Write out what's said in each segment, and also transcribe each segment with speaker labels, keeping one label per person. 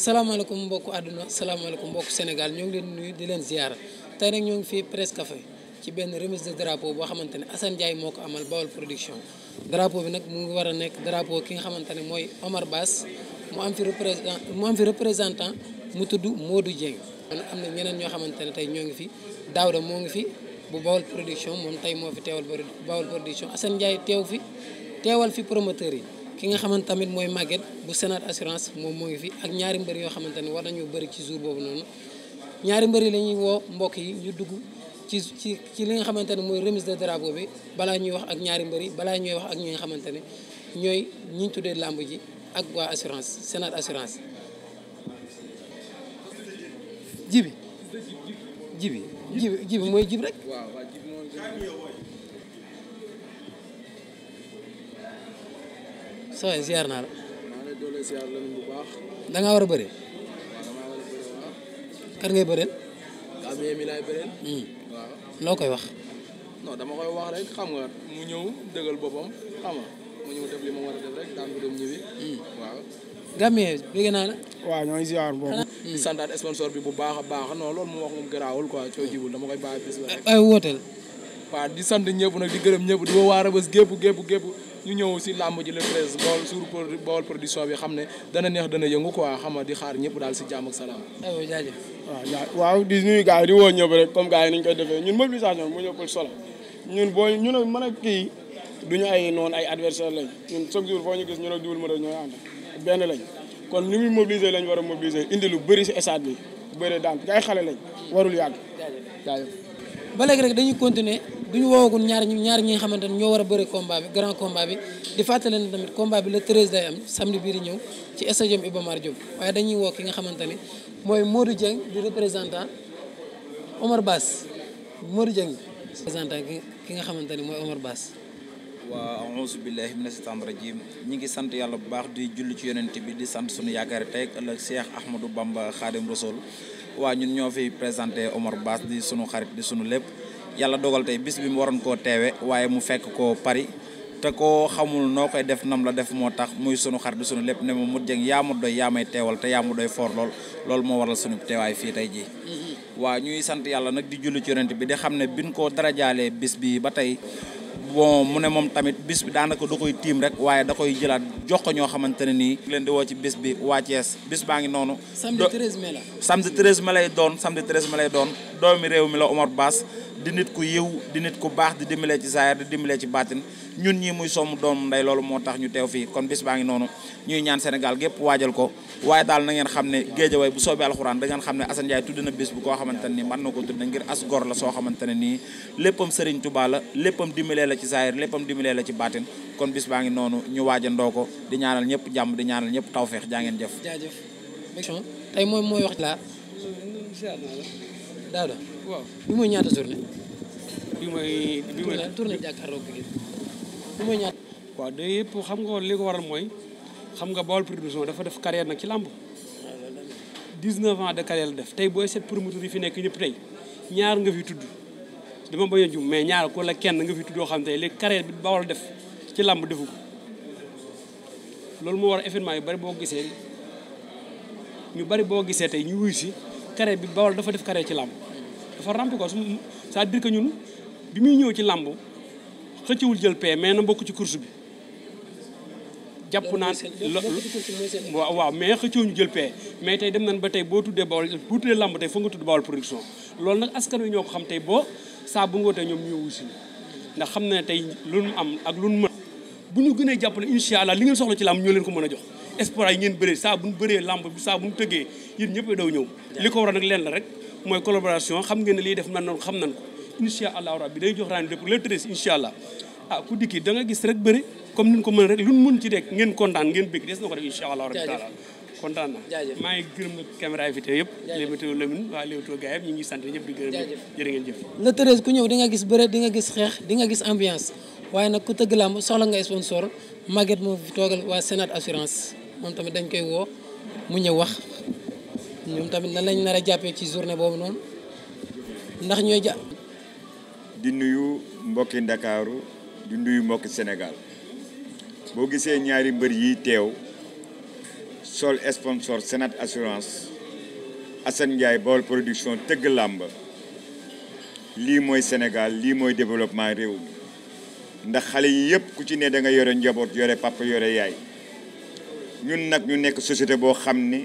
Speaker 1: salaamaaleykum mbokku àdduna salaamaaleykum mbokku Sénégal ñoo ngi leen nuyu di leen ziyaara tey nag ñoo ngi fii presque café ci benn remise de drapeau boo xamante ne Assane Ndiaye moo ko amal Bawol production drapeau bi nag mu ngi war a nekk drapeau ki nga xamante ne mooy Omar Bass mu am fi représentant mu am fi mu tudd Modou Dieng. kon am na ñeneen ñoo xamante ne tey ñoo ngi fi Daouda moo ngi fi bu Bawol production moom tey moo fi teewal Bawol production Assane Ndiaye teew fi teewal fi promoteurs yi. ki nga xamante tamit mooy Maguette bu Sénat assurance moom moo ngi fi ak ñaari mbëri yoo xamante ne war nañoo bëri ci jour boobu noonu ñaari mbër lañuy la woo mbokk yi ñu dugg ci ci ci li nga xamante ne mooy remise de drapeau bi balaa ñuy wax ak ñaari mbër balaa ñuy wax ak ñi nga xamante ne ñooy ñi ñu tuddee làmb ji ak waa assurance Sénat assurance. jibi jibi jibi jibi mooy jib rek. sa waay ziar naa la. da ngaa war a bëri. kan ngay bëreel. noo hmm. koy wax.
Speaker 2: non dama koy wax rek xam nga mu ñëw dëggal boppam xam nga mu ñëw def li ma war a def rek daan ko dem ñibbi. Hmm. waaw.
Speaker 1: Gambien bëgg naa la.
Speaker 3: waaw ñoo ziar boobu.
Speaker 2: di santaat sponsor bi bu baax a baax non loolu mu wax moom garaawul quoi coo jibul dama koy bàyyi bis la rek. wooteel. waaw di sant ñëpp nag di gërëm ñëpp di woo gépp gépp ñu ñëw si làmb ji le treize bool suur bool production bi xam ne dana neex dana yëngu quoi xam nga di xaar ñëpp daal si jàmm ak salaam. aywa
Speaker 4: waaw waaw di nuyu gars yi di woo ñëpp rek comme gars yi niñ koy defee ñun mobilisation bi mu ñëppal solo ñun booy ñu ne mën a kii duñu ay noonu ay adversaire lañ ñun chaque jour foo ñu gis ñu ne duul ma doon ñooy ànd benn lañ kon ni muy mobiliser lañ war a mobiliser indi lu bëri si stade bi bëri daan ay xale lañ warul yàgg. jaajëf
Speaker 1: ba duñu woowagul ñaar ñi ñaar ñi nga xamante ne ñoo war a bëri combat bi grand combat di fàttale ne tamit combat bi la 13 day am samedi biir di ñëw ci stadium Iba Mar Diop waaye woo ki nga xamante ne mooy Modou Dieng di représentant Omar Bass Modou Dieng
Speaker 2: représentant ki nga xamante ne mooy Omar Bass waa auzu billahi mina seytaan rajim ñi ngi sant yàlla bu baax di julli ci yonent bi di sant suñu yaakaar tey ëllëg Cheikh Ahmadou Bamba Khadim Rasoul waa ñun ñoo fi présenté Omar Bass di sunu xarit di sunu lépp yàlla dogal tey bis bi mu waroon koo teewe waaye mu fekk ko pari te koo xamul noo koy def nam la def moo tax muy sunu xar di sunu lépp ne ma mut jëng yaa mu doy yaa may teewal te yaa ma doy foor lool lool moo waral sunu teewaay fii tey jii mm-hmm. waaw ñuy sant yàlla nag di julli ci yonent bi di xam ne bin koo darajaalee bis bi ba tey bon mu ne moom tamit bis bi daanaka du koy tiim rek waaye da koy jëlaat jox ko ñoo xamante ne nii leen di woo ci bis bi waa Thiès bis baa ngi noonu samedi 13 mai la samedi 13 mai lay doon samedi 13 mai lay doon doomi réew mi la Omar Bass di nit ku yiw di nit ku baax di dimbalee ci zaahir di dimbalee ci baatin ñun ñi muy somm doom nday loolu moo tax ñu teew fii kon bis baa ngi noonu ñuy ñaan Sénégal gépp waajal ko waaye daal na ngeen xam ne géejawaay bu soobee alxuraan da ngeen xam ne Assane Ndiaye tudd na bis bu koo xamante ne nii mën na ko tudd ngir ne nii léppam Serigne Touba la léppam dimbalee la ci zaahir léppam dimbalee la ci baatin kon bis baa ngi noonu ñu waajandoo ko di ñaanal ñëpp jàmm di ñaanal ñëpp tawfeex jaa ngeen jëf jaajëf
Speaker 1: tey mooy mooy wax laa daaw da waaw bi mooy ñaata
Speaker 5: journée bi bi mooy tournée mooy ñaar. waaw de yëpp xam nga li ko waral mooy xam nga Baol Production dafa def carrière nag ci làmb 19 ans de carrière la def tey booy seet promoteur yi fi nekk ñëpp tey ñaar nga fi tudd dama bañ a jum mais ñaar ko la kenn nga fi tuddoo xam tey léegi carrière bi Baol def ci làmb defu ko loolu moo war événement yu bari boo gisee ñu bari boo gisee tey ñu wuy si carrière bi Baol dafa def carrière ci làmb dafa ko c'est-à-dire ñun bi muy ñëw ci làmb xëcciwul jël paie mais na bokk ci course bi jàpp naa waaw waaw mais xëcciwuñu jël paie mais tey dem nañ ba tey boo tuddee Bawol boo tuddee làmb tey foo nga tudd Bawol production loolu nag askan wi ñoo ko xam tey boo saa bu ngootee ñoom ñoo wusi ndax xam na ne tey lu nu am ak lu nu mën bu ñu gënee jàppale incha allah li ngeen soxla ci làmb ñoo leen ko mën a jox espoir yi ngeen bëree saa bu ñu bëree làmb bi saa bu ñu tëggee yéen ñëpp daw ñëw li ko waral nag leen la rek mooy collaboration xam ngeen ne liy def nan noonu xam nan ko incha allah rabbi day jox rendez-vous pour le treize incha allah ah, ku dikki da gis rek bëri comme ni ñu ko mën rek lu mun ci rek ngeen kontaan ngeen bëgg des na ko def incha allah rabbi taala kontaan na maa ngi yëpp Leewtoo Lamine waa Leewtoo ngi sant ñëpp di gërëm ñëpp jërë ngeen jëf
Speaker 1: le treize ku ñëw di nga gis bëre di nga gis xeex di nga gis ambiance waaye nag ku tëgg làmb soxla nga sponsor Maguette moo fi toogal waa Sénat assurance moom tamit dañ koy woo mu ñëw wax moom tamit lan lañ nar a jàppee ci journée boobu noonu ndax ñooy
Speaker 4: di nuyu mbokki ndakaaru di nuyu mbokki Sénégal boo gisee ñaari mbër yi teew sol sponsor Sénat assurance Assane Ndiaye Baol production tëgg làmb lii mooy Sénégal lii mooy développement réew mi ndax xale yi yëpp ku ci ne da nga yore njaboot yore papa yore yaay ñun nag ñu nekk société boo xam ni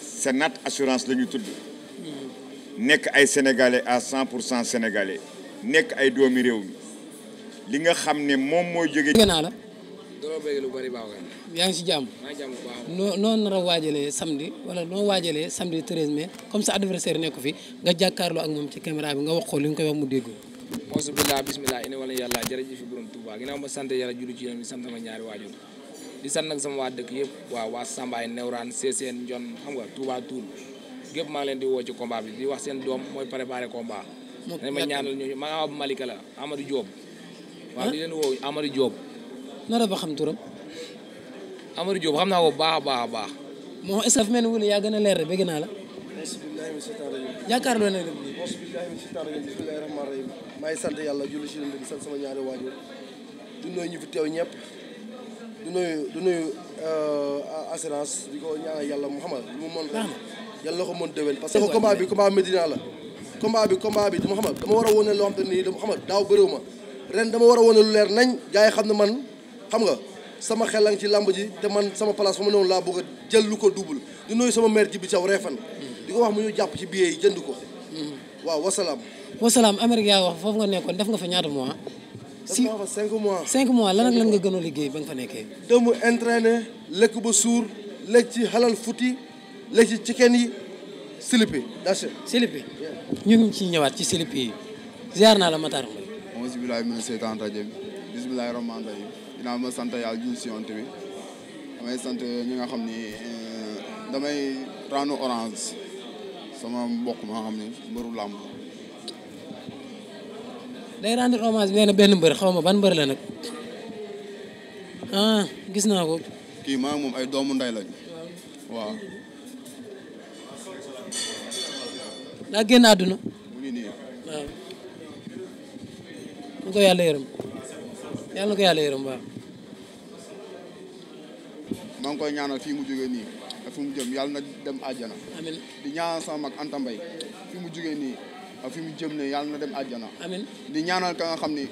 Speaker 4: Sénat assurance la tudd hmm. nekk ay sénégalais à cent pour cent sénégalais nekk ay doomi réew mi li nga xam ne moom mooy jóge naa la yaa ngi si jàmm noo noo nar a waajalee samedi wala
Speaker 1: noo waajalee samedi 13 mai comme sa adversaire nekku fi nga jàkkaarloo ak moom ci caméra bi nga wax ko li nga koy wax mu dégg
Speaker 2: moosu billah bismillah ina wala yàlla jërëjëf borom Touba ginnaaw ma sant yàlla julli ci yéen di sant sama ñaari waajur di sant nag sama waa dëkk yëpp waaw waa Sambaay Newraan Séssène Ndion xam nga Touba Toul gépp maa leen di woo ci combat bi wax seen doom mooy préparé combat ma ñaanal ñu man awa bu Malika la Amadou a ba xam turam. Amadou Diop xam naa ko baax a baax a baax.
Speaker 1: moom est yaa gën a leer rek bëgg naa la.
Speaker 2: yaakaarloo ne rek.
Speaker 3: bismillaahi rahmaani rahiim. maa sant yàlla julli si leen di sant sama ñaari waajur. du nuyu ñu fi teew ñëpp. du nuyu du nuyu euh, assurance di mu xamal lu mu mën rek. yàlla ko mën la. combat bi combat bi dama xam dama war a wane loo xam te nii dama xam daaw bëriwu ma ren dama war a wane lu leer nañ gars xam ne man xam nga sama xel a ci làmb ji te man sama place fa ma newoon laa bëgg jël lu ko double di nuyu sama maire ji bi caw reefan di ko wax mu ñu jàpp ci billet yi jënd ko waaw wasalaam wasalaam
Speaker 1: Amérique yaa wax foofu nga nekkoon def nga fa ñaata mois si def cinq mois cinq mois lan ak lan nga liggéey
Speaker 3: ba nga fa nekkee demu entraîné lekk ba suur lekk ci halal futi lekk ci chicken yi silipi dace silipi ñu ngi ciy ñëwaat ci slip yi ziar naa la Matar Mbaye. auzu billaahi mina seytaani rajiim bismillaahi rahmaani rahiim dinaa ma sant yàlla jul si yonte bi damay sant ñi nga xam ni euh, damay ranu orange sama mbokk ma xam ni mbëru làmb day rendre
Speaker 1: hommage benn benn mbër xaw ma
Speaker 3: ban mbari la nag ah gis naa ko. kii maa moom ay doomu nday lañ waaw.
Speaker 1: daa génn àdduna
Speaker 3: waaw na ko yàlla yërëm yàlla na yàlla yërëm waaw maa ñaanal mu jógee nii ak fi mu jëm yàlla na dem àjjana amin di ñaanal mu jógee nii ak fi mu jëm ne yàlla na dem àjjana amin di ñaanal ka nga xam ni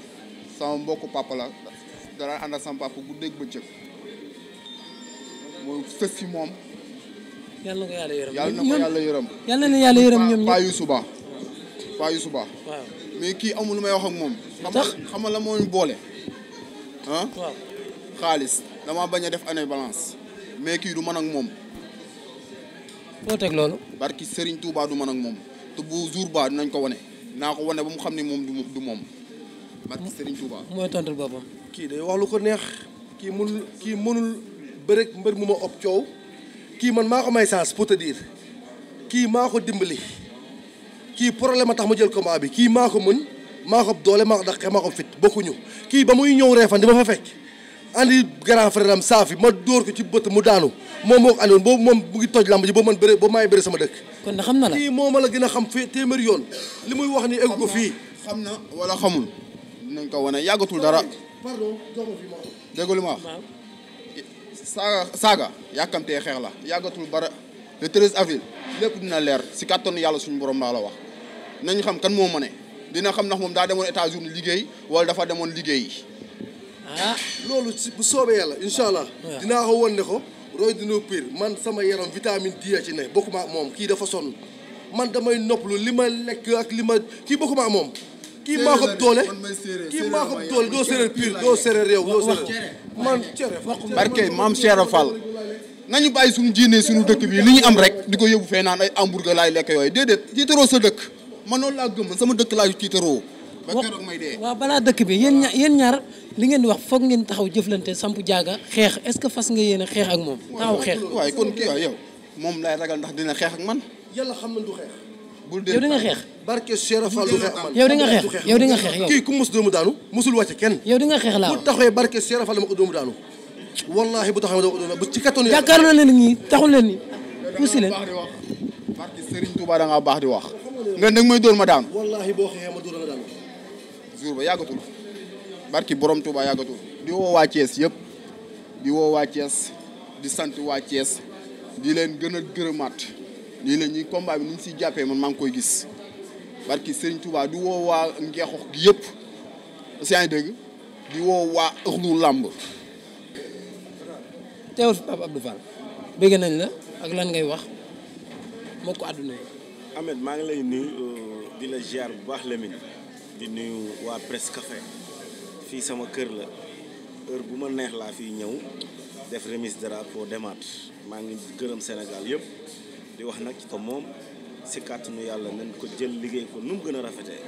Speaker 3: sama mbokk papa la dara ànd ak sama papa guddeeg bëccëg mooy sës si moom yàlla na ko yàlla yërëm na ko yàlla yërëm. yàlla na yàlla yërëm ñoom ñëpp Paa Youssou Ba mais kii amul lu may wax ak moom. tax xam nga la moo ñu boole. ah waaw xaalis damaa bañ a def année balance mais kii du man ak moom. foo teg loolu. barki sëriñ Touba du man ak moom te bu jour ba dinañ ko wone naa ko wane ba mu xam ni moom du moom barki sëriñ Touba. mooy tontul boppam. kii day wax lu ko neex kii mënul kii mënul bëreeg mbër mu ma ëpp coow. kii man maa ko may chance pour te kii maa ko dimbali kii problème a tax ma jël ko combat bi kii maa ko mën maa ko doole maa ko daqe maa ko fit bokkuñu kii ba muy ñëw reefan di ma fa fekk andi grand frère am saafi ma dóor ko ci bët mu daanu moom moo ko andiwoon boobu moom mu ngi toj lamb ji boobu man bëri boobu maay bëri sama dëkk. kon xam na la kii moom la gën a xam fii téeméer yoon li muy wax ni eggu ko fii. xam na wala xamul. dinañ ko wane yàggatul dara. pardon déggu saaga saaga yàkkamtee xeex la yàggatul bara le 13 avril lépp dina leer si kàttanu yàlla suñu borom laa la wax nañu xam kan moo ma ne dina xam ndax moom daa demoon États-Unis liggéey wala dafa demoon liggéey. ah loolu si bu soobee yàlla incha allah. Ah. dinaa ko wan ne ko roy dina pire man sama yaram vitamine D ya ci ne bokkuma ak moom kii dafa sonn man damay noppalu li ma lekk ak li ma kii bokkuma ak moom. kii maa ko doole kii maa ko doole doo man barke maam Cheikh Fall nañu bàyyi suñu jiinee suñu dëkk bii li ñu am rek di ko yóbbu fee naan ay hamburger laay lekk yooyu déedéet tiitaroo sa dëkk man laa gëm man sama dëkk laa tiitaroo ba may dee waaw balaa dëkk bi yéen ñaar yéen ñaar li ngeen di wax foog ngeen taxaw jëflante samp
Speaker 1: jaaga xeex est-ce que fas nga yéen a xeex ak moom taxaw xeex waaye kon kii
Speaker 3: yow moom laay ragal ndax dina xeex ak man yàlla xam na du yow di nga xeex. barke Cheikh Fallou yow di nga xeex yow di nga xeex yow. kii ku mos doomu daanu mosul wàcce kenn. yow di nga xeex laa bu taxawee barke Cheikh Fallou ma ko doomu daanu. wallaahi bu taxawee doomu daanu bu ci kattan. yaakaar naa leen ñii taxul leen ni. puusi leen barke Serigne Touba da baax di wax. nga ne mooy doon ma daanu. wallaahi boo xeexee ma dóor la daanu. jour ba yàggatul. barki borom Touba yàggatul. di woo waa Thiès yëpp. di woo waa di sant waa Thiès. di leen gën a gërëmaat lii la ñuy combat bi ni ñu siy jàppee man maa ngi koy gis barki Serigne Touba di woo waa ngeexox gi yëpp si yaa ngi di woo waa làmb teewul fi nañ la ak lan ngay wax
Speaker 4: moo àdduna yi maa ngi lay nuyu di bu baax Lamine di nuyu waa Presse fii sama kër la heure bu ma neex laa fii ñëw def remise drapeau maa ngi gërëm Sénégal yëpp di wax nag ko moom si kàttanu yàlla nañ ko jël liggéey ko nu mu gën a rafetee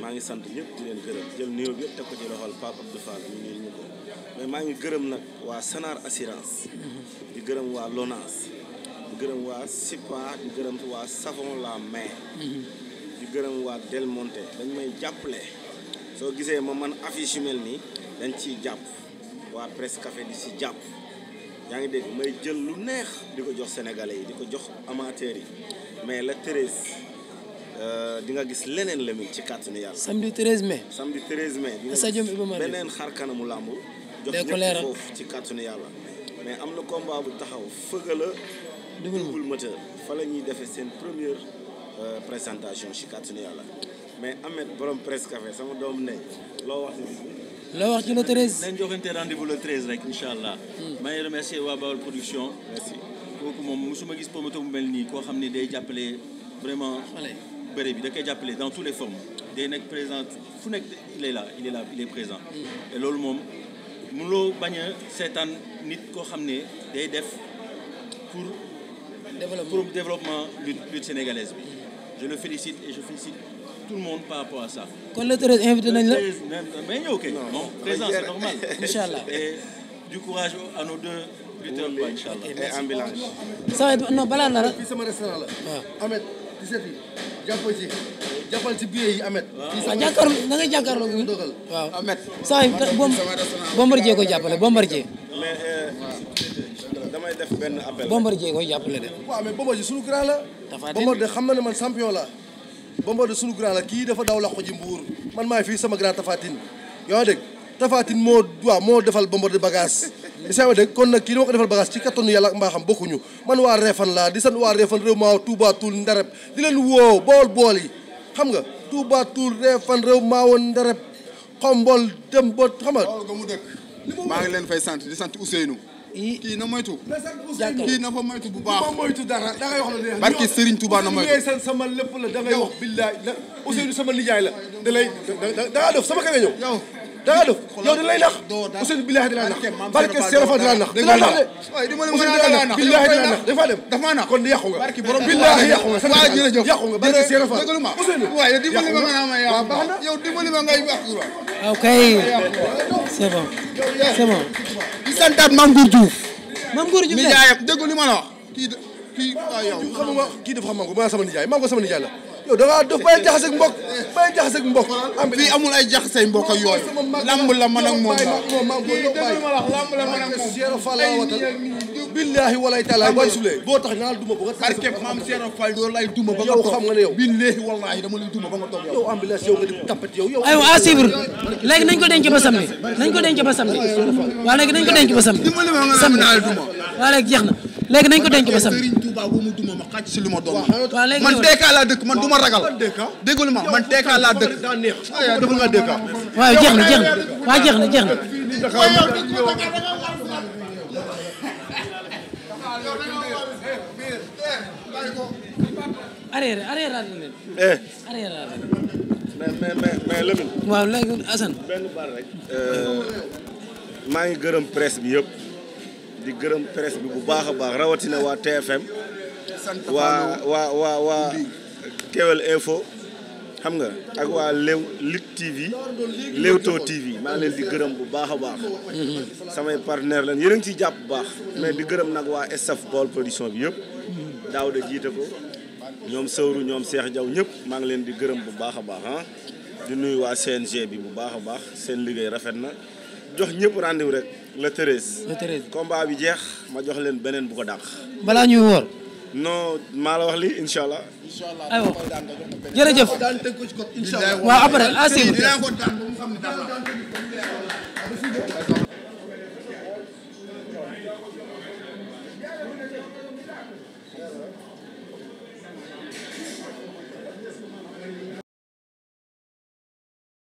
Speaker 4: maa ngi sant ñëpp di leen gërëm jël nuyoo bi yëpp teg ko ci loxol Pape Abdou Fall ñu ngi ñu ko mais maa ngi gërëm nag waa Sanar assurance di gërëm waa Lonase di gërëm waa Sipa di gërëm waa Savon la Main di gërëm waa Del Monte dañ may jàppale soo gisee ma man affiche yu mel nii dañ ciy jàpp waa Presse Café di si jàpp yaa ngi dégg may jël lu neex di ko jox sénégalais yi di ko jox amateurs yi mais la treize euh, di nga gis leneen la ci kàttanu yàlla. samedi treize mai. samedi treize mai. stadium Iba Mar beneen xar kanamu làmb.
Speaker 1: jox ñëpp foofu
Speaker 4: ci kàttanu yàlla. mais am na combat bu taxaw fëgal a. double moteur ñuy defee seen première euh, présentation ci kàttanu yàlla mais Ahmed borom presse sama doom ne loo wax.
Speaker 1: la wax ci le 13.
Speaker 4: nañ joxante rendez-vous le 13 rek incha allah. maa ngi remercier waa Baol production. merci kooku moom musuma gis promoteur bu mel nii koo xam ne day jàppale vraiment. bëre bi da koy jàppale dans toutes les formes. day nekk présent fu nekk il est là il est là il est présent. Mm. et loolu moom mënuloo bañ a seetaan nit koo xam ne day def pour. développement pour développement lutte lutte sénégalaise bi. je le félicite et je félicite tout le monde par rapport à ça.
Speaker 1: kon le treize invité nañ la.
Speaker 4: mais ñëw kay. bon présence c'est normal. incha allah et du courage à nos deux lutteurs quoi incha allah. et ambulance.
Speaker 3: saa non balaa nara. fii sama restaurant la. waaw ah. Ahmed ci seet yi jàpp ci jàppal ci billet yi Ahmed. waaw ah. jàkkaarloo na ngay jàkkaarloo. dogal waaw Ahmed.
Speaker 1: saa yi bombardier ko jàppale bombardier.
Speaker 4: def benn appel. Bombardier koy jàppale de.
Speaker 3: waaw mais Bombardier sunu grand la. Bombardier xam na ne man champion la. Bombardier sunu grand la kii dafa daw laqu ji mbuur man maay fii sama grand Tafatine yoo xam dégg Tafatine moo waaw moo defal Bombardier bagage. yaa ngi dégg kon nag kii dama ko defal bagage ci kattanu yàlla ak mbaaxam bokkuñu man waa Réfane la di sant waa Réfane réew maa Touba Toul Ndareb di leen woo bool bool yi xam nga Touba Toul Réfane réew maa woon Ndareb xombol dem ba xam nga. maa ngi fay sant sant Ousseynou. kii na moytu. kii na fa moytu bu baax. moytu dara da ngay wax lu neex. barke Serigne Touba na moytu seen sama lépp la da ngay wax billaay la Ousseynou sama lijaay la. da lay da da da ngaa def sama kër ñëw. da nga def yow dañ lay nax Ousseynou billahi di la nax barke Serigne Fall di la nax di la nax waaye di ma nax billahi di la nax dafa dem dafa ma nax kon di yàqu nga barke borom billahi yàqu nga waaye jërëjëf yàqu nga barke Serigne Fall Ousseynou waaye dimbali ma nga ma yàqu baax na yow dimbali ma ngay baax waaw kay c'est bon c'est bon di santaat Mame Gour Diouf Mame Gour Diouf ni jaayam déggu li ma la wax kii kii waaw yow xam nga kii dafa xam ma ko sama nijaay maa ko sama nijaay la yow da ngaa dof bay jaxase ak mbokk bay jaxase ak mbokk. am la ma la billaahi walay taala boo sulee boo tax naa duma ba nga. parce que maam Seero Fall yow lay duma ba nga toog yow xam nga ne yow. billaahi walaahi ba nga toog yow. yow ambulance nañ ko denc ba samedi nañ ko denc ba samedi nañ ko denc ba samedi samedi waaw léegi jeex na léegi nañ ko denc ba Touba bu si lu ma doon man Deka laa dëkk man du ma ragal déggul ma man Deka laa dëkk dafa nga Deka waaw jeex na jeex na eh. waaw jeex na jeex na
Speaker 1: benn baal
Speaker 4: euh, maa ngi gërëm presse bi yëpp di gërëm presse bi bu baax a baax rawatina waa TFM waa waa waa waa Kewel Info xam nga ak waa Lew Lutte TV Leewtoo TV maa ngi leen di gërëm bu baax a baax. samay partenaire lañ yéen a ciy jàpp bu baax. mais di gërëm nag waa staff Baol production bi yëpp. daaw de jiite ko ñoom Sawru ñoom Cheikh Diaw ñëpp maa ngi leen di gërëm bu baax a baax ah. di nuyu waa CNG bi bu baax a baax seen liggéey rafet na jox ñëpp rendez-vous rek la treize. le treize combat bi jeex ma jox leen beneen bu ko dàq.
Speaker 1: balaa ñuy wóor.
Speaker 4: non maa la wax lii incha allah. incha allah aywa
Speaker 3: jërëjëf. waaw après.